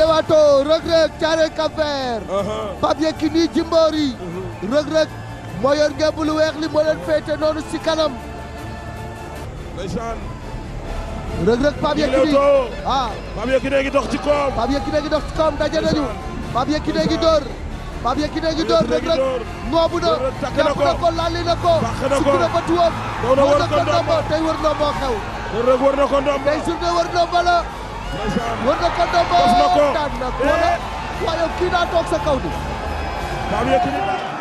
Leewtoo Reug Reug Thiaroye Cap Vert Pape uh-huh. Yekini yi uh-huh. Reug Reug moo yor ngemb weex li moo leen féete noonu ci kanam Reug Reug Pape Yekini ah Pape dox ci koom daje nañu Pape Yekini ngi dóor Pape Yekini ngi dóor Reug Reug ngoobu ko lalli na ko sukk na ba tuwam moo na ko tey wër ndombo xew Reug Reug wër na ko ndombo tey journée wër ndombo la wër na wala waaye kii daa toog sa kaw di.